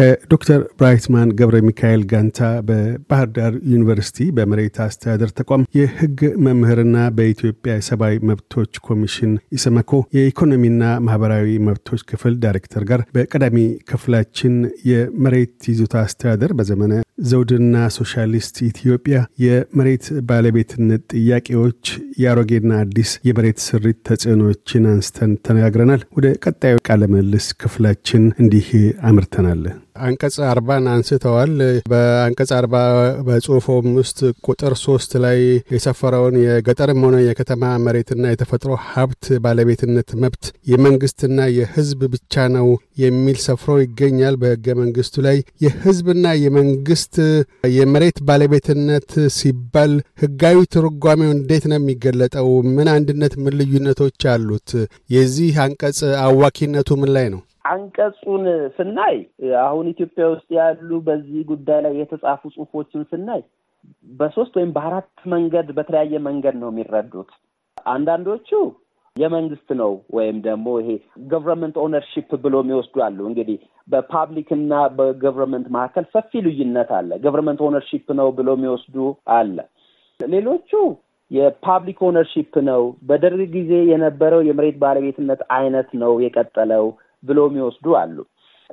ከዶክተር ብራይትማን ገብረ ሚካኤል ጋንታ በባህር ዳር ዩኒቨርሲቲ በመሬት አስተዳደር ተቋም የህግ መምህርና በኢትዮጵያ የሰብአዊ መብቶች ኮሚሽን ኢሰመኮ የኢኮኖሚና ማህበራዊ መብቶች ክፍል ዳይሬክተር ጋር በቀዳሚ ክፍላችን የመሬት ይዞታ አስተዳደር በዘመነ ዘውድና ሶሻሊስት ኢትዮጵያ የመሬት ባለቤትነት ጥያቄዎች፣ የአሮጌና አዲስ የመሬት ስሪት ተጽዕኖችን አንስተን ተነጋግረናል። ወደ ቀጣዩ ቃለምልልስ ክፍላችን እንዲህ አምርተናል። አንቀጽ አርባን አንስተዋል። በአንቀጽ አርባ በጽሁፎም ውስጥ ቁጥር ሶስት ላይ የሰፈረውን የገጠርም ሆነ የከተማ መሬትና የተፈጥሮ ሀብት ባለቤትነት መብት የመንግስትና የህዝብ ብቻ ነው የሚል ሰፍሮ ይገኛል። በህገ መንግስቱ ላይ የህዝብና የመንግስት የመሬት ባለቤትነት ሲባል ህጋዊ ትርጓሜው እንዴት ነው የሚገለጠው? ምን አንድነት፣ ምን ልዩነቶች አሉት? የዚህ አንቀጽ አዋኪነቱ ምን ላይ ነው? አንቀጹን ስናይ አሁን ኢትዮጵያ ውስጥ ያሉ በዚህ ጉዳይ ላይ የተጻፉ ጽሁፎችን ስናይ በሶስት ወይም በአራት መንገድ በተለያየ መንገድ ነው የሚረዱት። አንዳንዶቹ የመንግስት ነው ወይም ደግሞ ይሄ ገቨርንመንት ኦነርሺፕ ብሎ የሚወስዱ አሉ። እንግዲህ በፓብሊክ እና በገቨርንመንት መካከል ሰፊ ልዩነት አለ። ገቨርንመንት ኦነርሺፕ ነው ብሎ የሚወስዱ አለ። ሌሎቹ የፓብሊክ ኦነርሺፕ ነው፣ በደርግ ጊዜ የነበረው የመሬት ባለቤትነት አይነት ነው የቀጠለው ብለው የሚወስዱ አሉ።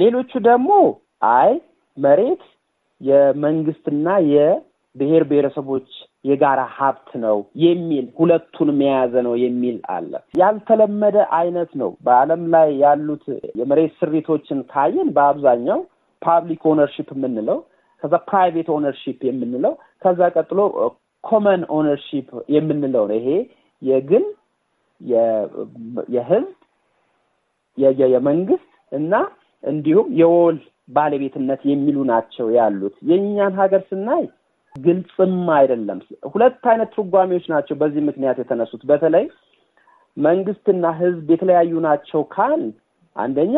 ሌሎቹ ደግሞ አይ መሬት የመንግስትና የብሔር ብሔረሰቦች የጋራ ሀብት ነው የሚል ሁለቱንም የያዘ ነው የሚል አለ። ያልተለመደ አይነት ነው። በዓለም ላይ ያሉት የመሬት ስሪቶችን ካየን በአብዛኛው ፓብሊክ ኦነርሺፕ የምንለው ከዛ ፕራይቬት ኦነርሺፕ የምንለው ከዛ ቀጥሎ ኮመን ኦነርሺፕ የምንለው ነው። ይሄ የግል የህዝብ የመንግስት እና እንዲሁም የወል ባለቤትነት የሚሉ ናቸው ያሉት። የእኛን ሀገር ስናይ ግልጽም አይደለም። ሁለት አይነት ትርጓሜዎች ናቸው በዚህ ምክንያት የተነሱት። በተለይ መንግስትና ህዝብ የተለያዩ ናቸው ካል አንደኛ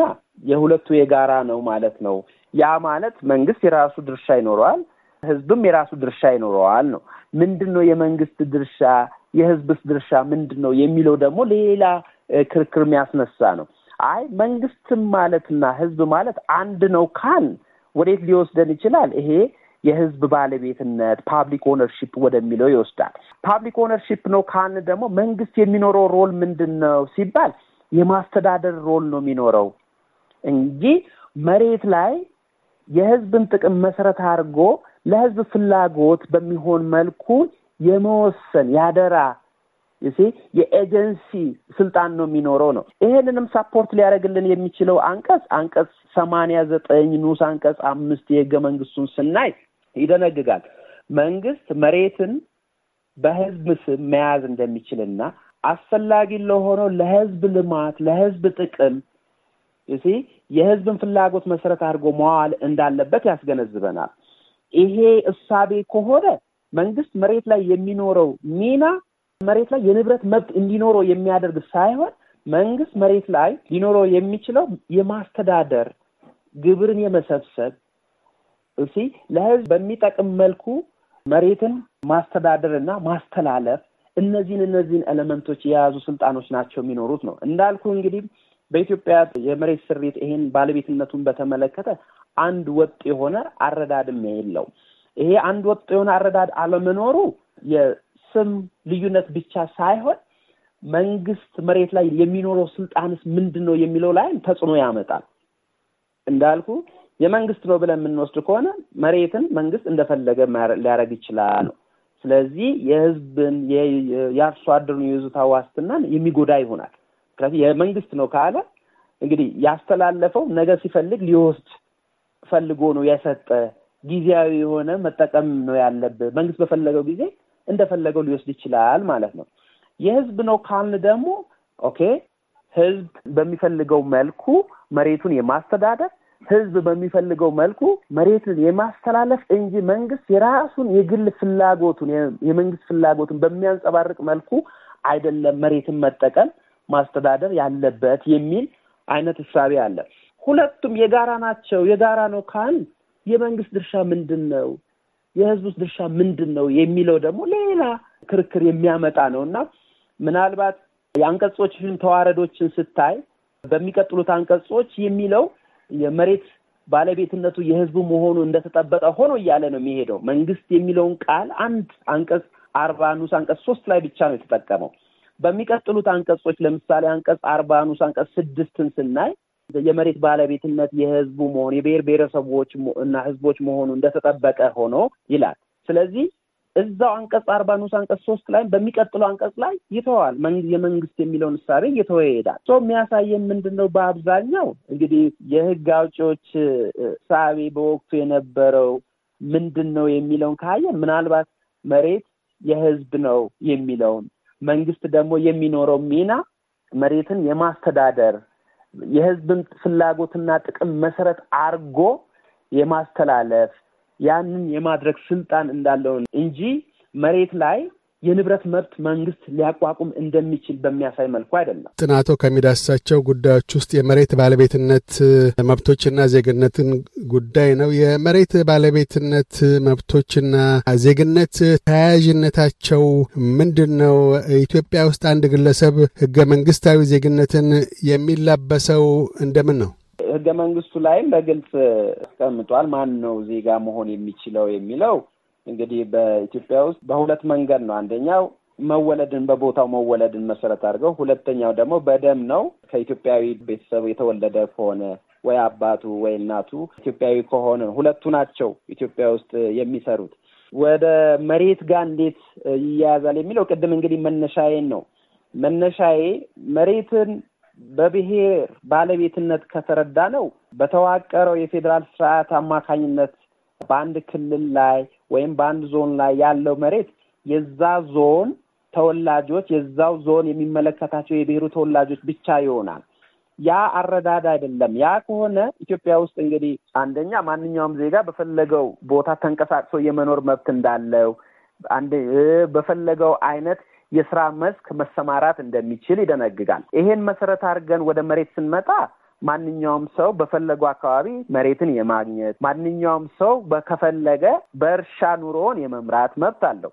የሁለቱ የጋራ ነው ማለት ነው። ያ ማለት መንግስት የራሱ ድርሻ ይኖረዋል፣ ህዝብም የራሱ ድርሻ ይኖረዋል ነው። ምንድን ነው የመንግስት ድርሻ፣ የህዝብስ ድርሻ ምንድን ነው የሚለው ደግሞ ሌላ ክርክር የሚያስነሳ ነው። አይ መንግስትም ማለትና ህዝብ ማለት አንድ ነው ካል ወዴት ሊወስደን ይችላል? ይሄ የህዝብ ባለቤትነት ፓብሊክ ኦነርሺፕ ወደሚለው ይወስዳል። ፓብሊክ ኦነርሺፕ ነው ካን ደግሞ መንግስት የሚኖረው ሮል ምንድን ነው ሲባል የማስተዳደር ሮል ነው የሚኖረው እንጂ መሬት ላይ የህዝብን ጥቅም መሰረት አድርጎ ለህዝብ ፍላጎት በሚሆን መልኩ የመወሰን ያደራ የኤጀንሲ ስልጣን ነው የሚኖረው ነው። ይሄንንም ሳፖርት ሊያደርግልን የሚችለው አንቀጽ አንቀጽ ሰማንያ ዘጠኝ ንዑስ አንቀጽ አምስት የህገ መንግስቱን ስናይ ይደነግጋል መንግስት መሬትን በህዝብ ስም መያዝ እንደሚችልና አስፈላጊ ለሆነው ለህዝብ ልማት፣ ለህዝብ ጥቅም ሲ የህዝብን ፍላጎት መሰረት አድርጎ መዋል እንዳለበት ያስገነዝበናል። ይሄ እሳቤ ከሆነ መንግስት መሬት ላይ የሚኖረው ሚና መሬት ላይ የንብረት መብት እንዲኖረው የሚያደርግ ሳይሆን መንግስት መሬት ላይ ሊኖረው የሚችለው የማስተዳደር ግብርን የመሰብሰብ እሲ ለህዝብ በሚጠቅም መልኩ መሬትን ማስተዳደር እና ማስተላለፍ እነዚህን እነዚህን ኤሌመንቶች የያዙ ስልጣኖች ናቸው የሚኖሩት ነው። እንዳልኩ እንግዲህ በኢትዮጵያ የመሬት ስሪት ይሄን ባለቤትነቱን በተመለከተ አንድ ወጥ የሆነ አረዳድም የለው ይሄ አንድ ወጥ የሆነ አረዳድ አለመኖሩ ስም ልዩነት ብቻ ሳይሆን መንግስት መሬት ላይ የሚኖረው ስልጣንስ ምንድን ነው የሚለው ላይም ተጽዕኖ ያመጣል። እንዳልኩ የመንግስት ነው ብለን የምንወስድ ከሆነ መሬትን መንግስት እንደፈለገ ሊያደርግ ይችላል ነው። ስለዚህ የህዝብን የአርሶ አደሩን የይዞታ ዋስትናን የሚጎዳ ይሆናል። ምክንያቱም የመንግስት ነው ካለ እንግዲህ ያስተላለፈው ነገ ሲፈልግ ሊወስድ ፈልጎ ነው የሰጠ ጊዜያዊ የሆነ መጠቀም ነው ያለብህ። መንግስት በፈለገው ጊዜ እንደፈለገው ሊወስድ ይችላል ማለት ነው። የህዝብ ነው ካልን ደግሞ ኦኬ ህዝብ በሚፈልገው መልኩ መሬቱን የማስተዳደር ህዝብ በሚፈልገው መልኩ መሬትን የማስተላለፍ እንጂ መንግስት የራሱን የግል ፍላጎቱን የመንግስት ፍላጎቱን በሚያንጸባርቅ መልኩ አይደለም መሬትን መጠቀም ማስተዳደር ያለበት የሚል አይነት እሳቤ አለ። ሁለቱም የጋራ ናቸው። የጋራ ነው ካል የመንግስት ድርሻ ምንድን ነው? የህዝቡስ ድርሻ ምንድን ነው የሚለው ደግሞ ሌላ ክርክር የሚያመጣ ነው እና ምናልባት የአንቀጾችን ተዋረዶችን ስታይ በሚቀጥሉት አንቀጾች የሚለው የመሬት ባለቤትነቱ የህዝቡ መሆኑ እንደተጠበቀ ሆኖ እያለ ነው የሚሄደው። መንግስት የሚለውን ቃል አንድ አንቀጽ አርባ ንዑስ አንቀጽ ሶስት ላይ ብቻ ነው የተጠቀመው። በሚቀጥሉት አንቀጾች ለምሳሌ አንቀጽ አርባ ንዑስ አንቀጽ ስድስትን ስናይ የመሬት ባለቤትነት የህዝቡ መሆን የብሔር ብሔረሰቦች እና ህዝቦች መሆኑ እንደተጠበቀ ሆኖ ይላል። ስለዚህ እዛው አንቀጽ አርባ ንዑስ አንቀጽ ሶስት ላይ በሚቀጥለው አንቀጽ ላይ ይተዋል። የመንግስት የሚለውን እሳቤ እየተወ ይሄዳል። ሰው የሚያሳየን ምንድን ነው? በአብዛኛው እንግዲህ የህግ አውጪዎች እሳቤ በወቅቱ የነበረው ምንድን ነው የሚለውን ካየን ምናልባት መሬት የህዝብ ነው የሚለውን መንግስት ደግሞ የሚኖረው ሚና መሬትን የማስተዳደር የህዝብን ፍላጎትና ጥቅም መሰረት አርጎ የማስተላለፍ ያንን የማድረግ ስልጣን እንዳለውን እንጂ መሬት ላይ የንብረት መብት መንግስት ሊያቋቁም እንደሚችል በሚያሳይ መልኩ አይደለም። ጥናቶ ከሚዳስሳቸው ጉዳዮች ውስጥ የመሬት ባለቤትነት መብቶችና ዜግነትን ጉዳይ ነው። የመሬት ባለቤትነት መብቶችና ዜግነት ተያያዥነታቸው ምንድን ነው? ኢትዮጵያ ውስጥ አንድ ግለሰብ ህገ መንግስታዊ ዜግነትን የሚላበሰው እንደምን ነው? ህገ መንግስቱ ላይም በግልጽ ተቀምጧል። ማን ነው ዜጋ መሆን የሚችለው የሚለው እንግዲህ በኢትዮጵያ ውስጥ በሁለት መንገድ ነው። አንደኛው መወለድን በቦታው መወለድን መሰረት አድርገው፣ ሁለተኛው ደግሞ በደም ነው። ከኢትዮጵያዊ ቤተሰብ የተወለደ ከሆነ ወይ አባቱ ወይ እናቱ ኢትዮጵያዊ ከሆነ ሁለቱ ናቸው ኢትዮጵያ ውስጥ የሚሰሩት። ወደ መሬት ጋር እንዴት ይያያዛል የሚለው ቅድም እንግዲህ መነሻዬን ነው። መነሻዬ መሬትን በብሔር ባለቤትነት ከተረዳ ነው በተዋቀረው የፌዴራል ስርዓት አማካኝነት በአንድ ክልል ላይ ወይም በአንድ ዞን ላይ ያለው መሬት የዛ ዞን ተወላጆች የዛው ዞን የሚመለከታቸው የብሔሩ ተወላጆች ብቻ ይሆናል። ያ አረዳድ አይደለም። ያ ከሆነ ኢትዮጵያ ውስጥ እንግዲህ አንደኛ ማንኛውም ዜጋ በፈለገው ቦታ ተንቀሳቅሶ የመኖር መብት እንዳለው አንድ በፈለገው አይነት የስራ መስክ መሰማራት እንደሚችል ይደነግጋል። ይሄን መሰረት አድርገን ወደ መሬት ስንመጣ ማንኛውም ሰው በፈለገው አካባቢ መሬትን የማግኘት ማንኛውም ሰው በከፈለገ በእርሻ ኑሮውን የመምራት መብት አለው።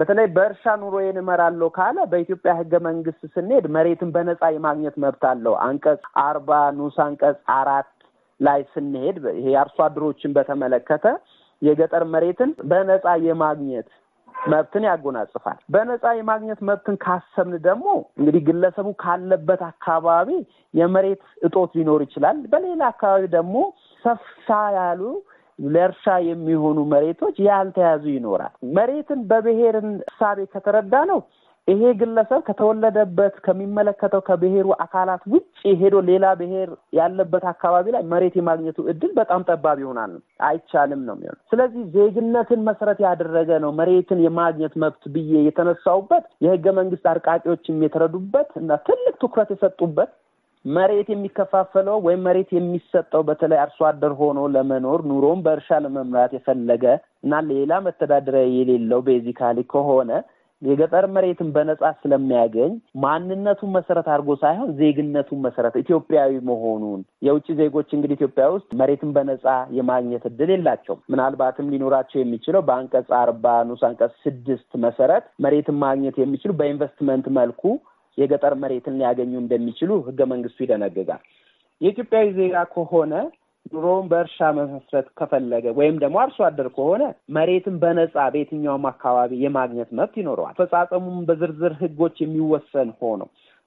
በተለይ በእርሻ ኑሮ የንመራለው ካለ በኢትዮጵያ ሕገ መንግስት ስንሄድ መሬትን በነፃ የማግኘት መብት አለው። አንቀጽ አርባ ንዑስ አንቀጽ አራት ላይ ስንሄድ ይሄ አርሶ አደሮችን በተመለከተ የገጠር መሬትን በነፃ የማግኘት መብትን ያጎናጽፋል። በነፃ የማግኘት መብትን ካሰብን ደግሞ እንግዲህ ግለሰቡ ካለበት አካባቢ የመሬት እጦት ሊኖር ይችላል። በሌላ አካባቢ ደግሞ ሰፍሳ ያሉ ለእርሻ የሚሆኑ መሬቶች ያልተያዙ ይኖራል። መሬትን በብሔርን እሳቤ ከተረዳ ነው ይሄ ግለሰብ ከተወለደበት ከሚመለከተው ከብሔሩ አካላት ውጭ ሄዶ ሌላ ብሔር ያለበት አካባቢ ላይ መሬት የማግኘቱ እድል በጣም ጠባብ ይሆናል። አይቻልም ነው የሚሆነው። ስለዚህ ዜግነትን መሰረት ያደረገ ነው መሬትን የማግኘት መብት ብዬ የተነሳውበት የህገ መንግስት አርቃቂዎችም የተረዱበት እና ትልቅ ትኩረት የሰጡበት መሬት የሚከፋፈለው ወይም መሬት የሚሰጠው በተለይ አርሶ አደር ሆኖ ለመኖር ኑሮም በእርሻ ለመምራት የፈለገ እና ሌላ መተዳደሪያ የሌለው ቤዚካሊ ከሆነ የገጠር መሬትን በነጻ ስለሚያገኝ ማንነቱን መሰረት አድርጎ ሳይሆን ዜግነቱን መሰረት ኢትዮጵያዊ መሆኑን የውጭ ዜጎች እንግዲህ ኢትዮጵያ ውስጥ መሬትን በነጻ የማግኘት እድል የላቸውም። ምናልባትም ሊኖራቸው የሚችለው በአንቀጽ አርባ ንዑስ አንቀጽ ስድስት መሰረት መሬትን ማግኘት የሚችሉ በኢንቨስትመንት መልኩ የገጠር መሬትን ሊያገኙ እንደሚችሉ ህገ መንግስቱ ይደነግጋል። የኢትዮጵያዊ ዜጋ ከሆነ ኑሮውን በእርሻ መመስረት ከፈለገ ወይም ደግሞ አርሶ አደር ከሆነ መሬትን በነጻ በየትኛውም አካባቢ የማግኘት መብት ይኖረዋል። አፈጻጸሙም በዝርዝር ህጎች የሚወሰን ሆኖ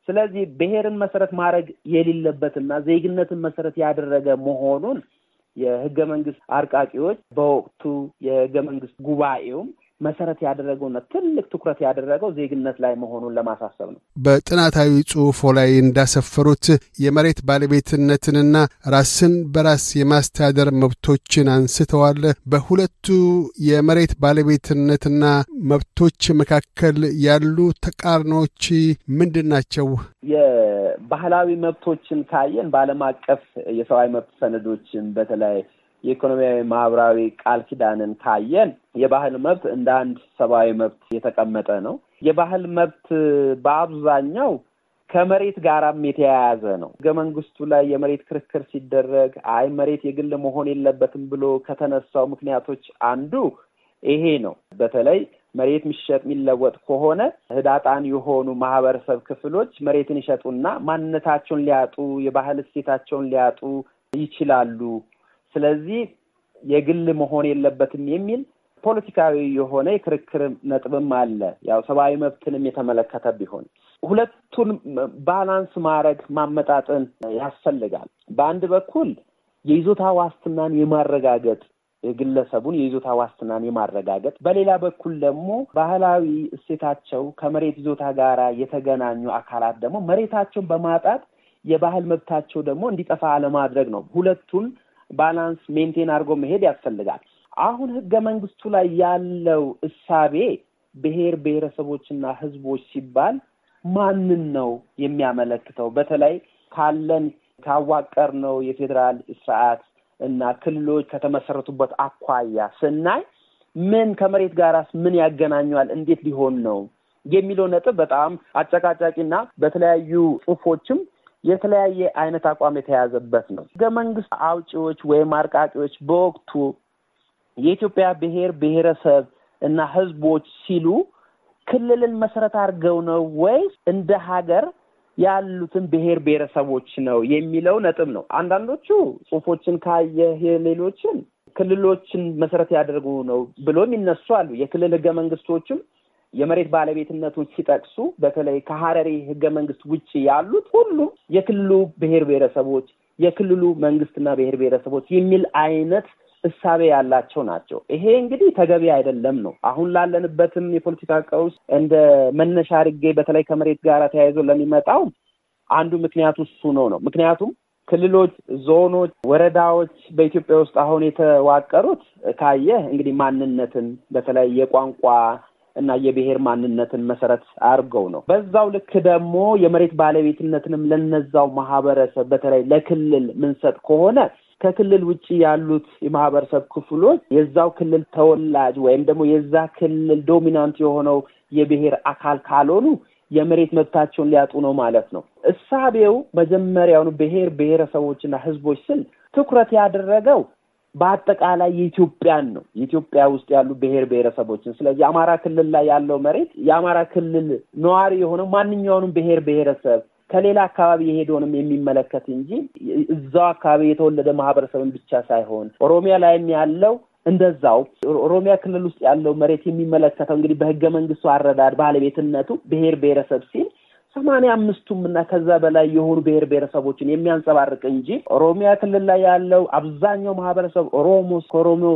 ስለዚህ ብሔርን መሰረት ማድረግ የሌለበትና ዜግነትን መሰረት ያደረገ መሆኑን የህገ መንግስት አርቃቂዎች በወቅቱ የህገ መንግስት ጉባኤውም መሰረት ያደረገውና ትልቅ ትኩረት ያደረገው ዜግነት ላይ መሆኑን ለማሳሰብ ነው። በጥናታዊ ጽሑፎ ላይ እንዳሰፈሩት የመሬት ባለቤትነትንና ራስን በራስ የማስተዳደር መብቶችን አንስተዋል። በሁለቱ የመሬት ባለቤትነትና መብቶች መካከል ያሉ ተቃርኖዎች ምንድን ናቸው? የባህላዊ መብቶችን ካየን በዓለም አቀፍ የሰብአዊ መብት ሰነዶችን በተለይ የኢኮኖሚያዊ ማህበራዊ ቃል ኪዳንን ካየን የባህል መብት እንደ አንድ ሰብአዊ መብት የተቀመጠ ነው። የባህል መብት በአብዛኛው ከመሬት ጋራም የተያያዘ ነው። ህገ መንግስቱ ላይ የመሬት ክርክር ሲደረግ አይ መሬት የግል መሆን የለበትም ብሎ ከተነሳው ምክንያቶች አንዱ ይሄ ነው። በተለይ መሬት የሚሸጥ የሚለወጥ ከሆነ ህዳጣን የሆኑ ማህበረሰብ ክፍሎች መሬትን ይሸጡና ማንነታቸውን ሊያጡ፣ የባህል እሴታቸውን ሊያጡ ይችላሉ። ስለዚህ የግል መሆን የለበትም የሚል ፖለቲካዊ የሆነ የክርክር ነጥብም አለ። ያው ሰብአዊ መብትንም የተመለከተ ቢሆን ሁለቱን ባላንስ ማድረግ ማመጣጠን ያስፈልጋል። በአንድ በኩል የይዞታ ዋስትናን የማረጋገጥ የግለሰቡን የይዞታ ዋስትናን የማረጋገጥ በሌላ በኩል ደግሞ ባህላዊ እሴታቸው ከመሬት ይዞታ ጋር የተገናኙ አካላት ደግሞ መሬታቸውን በማጣት የባህል መብታቸው ደግሞ እንዲጠፋ አለማድረግ ነው። ሁለቱን ባላንስ ሜንቴን አድርጎ መሄድ ያስፈልጋል። አሁን ህገ መንግስቱ ላይ ያለው እሳቤ ብሔር ብሔረሰቦችና ህዝቦች ሲባል ማንን ነው የሚያመለክተው? በተለይ ካለን ካዋቀር ነው የፌዴራል ስርዓት እና ክልሎች ከተመሰረቱበት አኳያ ስናይ ምን ከመሬት ጋራስ ምን ያገናኘዋል? እንዴት ሊሆን ነው የሚለው ነጥብ በጣም አጨቃጫቂና በተለያዩ ጽሁፎችም የተለያየ አይነት አቋም የተያዘበት ነው። ህገ መንግስት አውጪዎች ወይም አርቃቂዎች በወቅቱ የኢትዮጵያ ብሔር ብሔረሰብ እና ህዝቦች ሲሉ ክልልን መሰረት አድርገው ነው ወይስ እንደ ሀገር ያሉትን ብሔር ብሔረሰቦች ነው የሚለው ነጥብ ነው። አንዳንዶቹ ጽሁፎችን ካየህ ሌሎችን ክልሎችን መሰረት ያደርጉ ነው ብሎ የሚነሱ አሉ። የክልል ህገ መንግስቶችም የመሬት ባለቤትነቱን ሲጠቅሱ በተለይ ከሀረሪ ህገ መንግስት ውጭ ያሉት ሁሉም የክልሉ ብሔር ብሔረሰቦች የክልሉ መንግስትና ብሔር ብሔረሰቦች የሚል አይነት እሳቤ ያላቸው ናቸው። ይሄ እንግዲህ ተገቢ አይደለም ነው። አሁን ላለንበትም የፖለቲካ ቀውስ እንደ መነሻ አድርጌ በተለይ ከመሬት ጋር ተያይዞ ለሚመጣው አንዱ ምክንያቱ እሱ ነው ነው ምክንያቱም ክልሎች፣ ዞኖች፣ ወረዳዎች በኢትዮጵያ ውስጥ አሁን የተዋቀሩት ካየህ እንግዲህ ማንነትን በተለይ የቋንቋ እና የብሔር ማንነትን መሰረት አድርገው ነው። በዛው ልክ ደግሞ የመሬት ባለቤትነትንም ለነዛው ማህበረሰብ በተለይ ለክልል ምንሰጥ ከሆነ ከክልል ውጭ ያሉት የማህበረሰብ ክፍሎች የዛው ክልል ተወላጅ ወይም ደግሞ የዛ ክልል ዶሚናንት የሆነው የብሔር አካል ካልሆኑ የመሬት መብታቸውን ሊያጡ ነው ማለት ነው። እሳቤው መጀመሪያውኑ ብሔር ብሔረሰቦችና ህዝቦች ስል ትኩረት ያደረገው በአጠቃላይ የኢትዮጵያን ነው የኢትዮጵያ ውስጥ ያሉ ብሔር ብሔረሰቦችን። ስለዚህ አማራ ክልል ላይ ያለው መሬት የአማራ ክልል ነዋሪ የሆነ ማንኛውንም ብሔር ብሔረሰብ ከሌላ አካባቢ የሄደውንም የሚመለከት እንጂ እዛው አካባቢ የተወለደ ማህበረሰብን ብቻ ሳይሆን ኦሮሚያ ላይም ያለው እንደዛው ኦሮሚያ ክልል ውስጥ ያለው መሬት የሚመለከተው እንግዲህ በህገ መንግስቱ አረዳድ ባለቤትነቱ ብሔር ብሔረሰብ ሲል ሰማንያ አምስቱም እና ከዛ በላይ የሆኑ ብሔር ብሔረሰቦችን የሚያንጸባርቅ እንጂ ኦሮሚያ ክልል ላይ ያለው አብዛኛው ማህበረሰብ ኦሮሞ ከኦሮሞ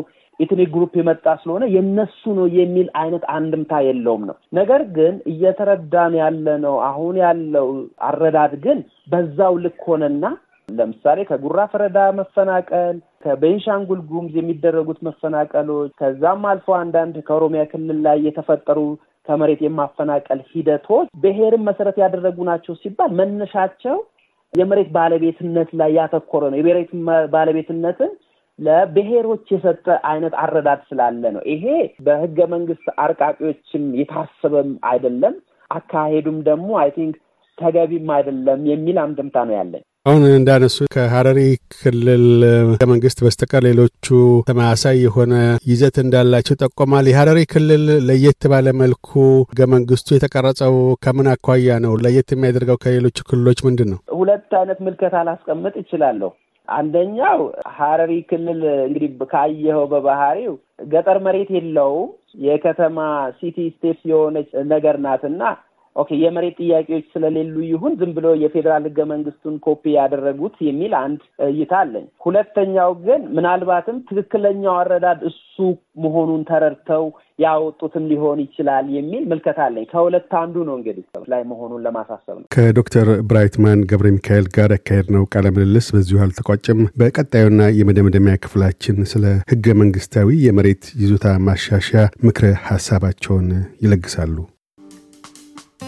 ኢትኒክ ግሩፕ የመጣ ስለሆነ የነሱ ነው የሚል አይነት አንድምታ የለውም ነው። ነገር ግን እየተረዳን ያለ ነው። አሁን ያለው አረዳድ ግን በዛው ልክ ሆነና ለምሳሌ ከጉራ ፈረዳ መፈናቀል ከቤንሻንጉል ጉምዝ የሚደረጉት መፈናቀሎች ከዛም አልፎ አንዳንድ ከኦሮሚያ ክልል ላይ የተፈጠሩ ከመሬት የማፈናቀል ሂደቶች ብሔርን መሰረት ያደረጉ ናቸው ሲባል መነሻቸው የመሬት ባለቤትነት ላይ ያተኮረ ነው። የመሬት ባለቤትነትን ለብሔሮች የሰጠ አይነት አረዳድ ስላለ ነው። ይሄ በህገ መንግስት አርቃቂዎችም የታሰበም አይደለም፣ አካሄዱም ደግሞ አይ ቲንክ ተገቢም አይደለም የሚል አንድምታ ነው ያለኝ። አሁን እንዳነሱ ከሀረሪ ክልል መንግስት በስተቀር ሌሎቹ ተመሳሳይ የሆነ ይዘት እንዳላቸው ጠቆማል። የሀረሪ ክልል ለየት ባለ መልኩ ህገ መንግስቱ የተቀረጸው ከምን አኳያ ነው? ለየት የሚያደርገው ከሌሎቹ ክልሎች ምንድን ነው? ሁለት አይነት ምልከታ ላስቀምጥ እችላለሁ። አንደኛው ሀረሪ ክልል እንግዲህ ካየኸው በባህሪው ገጠር መሬት የለውም የከተማ ሲቲ ስቴት የሆነች ነገር ናትና ኦኬ የመሬት ጥያቄዎች ስለሌሉ ይሁን ዝም ብሎ የፌዴራል ህገ መንግስቱን ኮፒ ያደረጉት የሚል አንድ እይታ አለኝ። ሁለተኛው ግን ምናልባትም ትክክለኛው አረዳድ እሱ መሆኑን ተረድተው ያወጡትም ሊሆን ይችላል የሚል ምልከታ አለኝ። ከሁለት አንዱ ነው እንግዲህ ላይ መሆኑን ለማሳሰብ ነው። ከዶክተር ብራይትማን ገብረ ሚካኤል ጋር ያካሄድ ነው ቃለ ምልልስ በዚሁ አልተቋጭም። በቀጣዩና የመደምደሚያ ክፍላችን ስለ ህገ መንግስታዊ የመሬት ይዞታ ማሻሻያ ምክረ ሀሳባቸውን ይለግሳሉ።